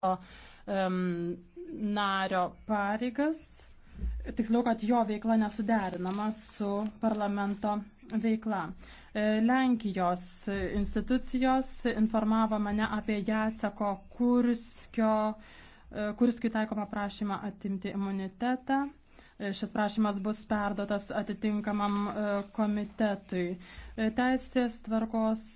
um, nario pareigas, tiksliau, kad jo veikla nesuderinama su parlamento veikla. E, Lenkijos institucijos informavo mane apie Jaceko Kurskio, e, Kurskiui taikomą prašymą atimti imunitetą. E, šis prašymas bus perdotas atitinkamam komitetui. Teisės tvarkos